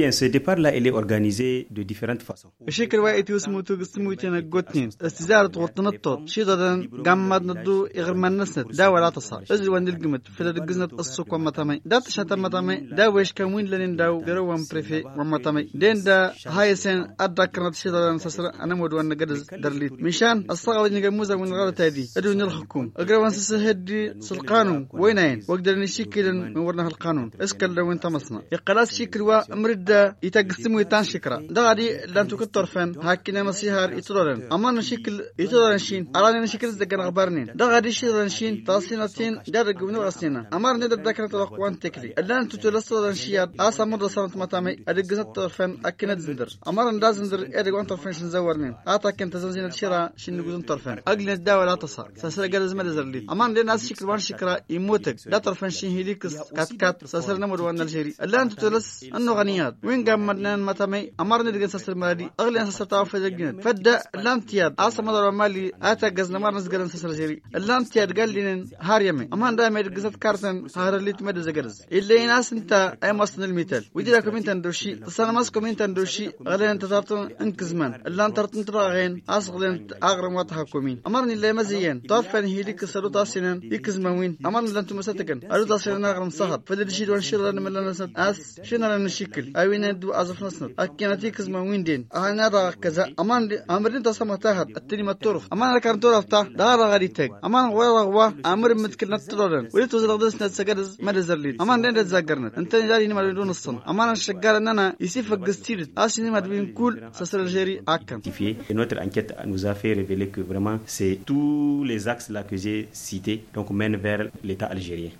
Bien, ce départ-là, il est organisé de différentes façons. بشكل وايد يسمو تقسمو تنا قوتنين استزارة وطنطط شيطة قمد ندو إغرمان نسنت دا ولا تصار أزوان القمت فلا القزنت السوق ومتامي دا تشاتا متامي دا ويش كموين لنين داو درو وان بريفي ومتامي دين دا هاي سين أدى كرنت شيطة نسسر أنا مدوان نقدز درليت مشان الصغل نقموزا من غير تادي أدون الحكوم أقربان سسهدي سلقانو وينين وقدر نشكل من ورنها القانون اسكال لو انت مصنع إقلاس شكل وأمرد يبدا يتقسمو يتان شكرا ده غادي لان توك الطرفان هاكينا مسيهار يتدورن اما نشكل يتدورن شين ارانا نشكل زقنا غبارنين ده غادي شيرن شين تاسيناتين دار قبنو غسينا امر ندر ذكر تلقوان تكلي لان تتلسل شياد اسا مدر سنت متامي ادقز الطرفان اكينا زندر امر ندا زندر ادقوان طرفان شنزورنين اتا كنت زنزينة شيرا شن نقزن طرفان اقلنا الداوة لا تصار ساسر قدز مدزر لي اما لنا شكل وان شكرا يموتك لا طرفان شين هيليكس كات كات ساسر نمر وان الجيري لان تتلس انه غنيات وين ما تمي أمرنا دغن سسر مالي أغلى أن سسر تعرف جنن فدا لام تياد ما مدر مالي آتا جزنا ما رنس جرن سسر جري اللام تياد قال لنا هار يمي أمان دا ميد غزت كارتن هار اللي تمد زجرز إلا ناس انت أي مصن الميتال ودي لكم انت ندوشي تسانا كم انت ندوشي أغلى أن تتارتن انكزمان اللام ترتن تراغين أصغلن أغرم واتحكمين أمرني اللي مزيان هي طرفا هيليك سلو تاسنان وين أمرني لن تمساتكن أرد تاسنان أغرم صهد فدا شي وانشيل شي لنا ملنا أس شنو لنا نشكل أوينادو أزفنسنت أكيناتي كزما ويندين أهنا را كذا أمان أمرين تسمى تهد التلمة الطرف أمان لكان طرف تا دارا غادي تك أمان غوا غوا أمر متكل نتلورن وليت وزر غدس نتسكرز مدزر ليد أمان لين تزاقرنت أنت جاري نما لدون الصن أمان الشقار أننا يسيف قستيرت أسيني ما تبين كل سسر الجيري أكن Notre enquête nous a fait révéler que vraiment c'est tous les axes là que j'ai cités donc mènent vers l'État algérien.